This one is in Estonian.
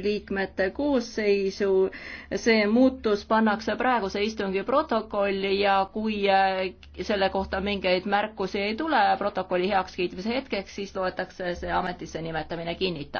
liikmete koosseisu, see muutus pannakse praeguse istungi protokolli ja kui äh, selle kohta mingeid märkusi ei tule protokolli heakskiitmise hetkeks, siis loetakse see ametisse nimetamine kinnitatud.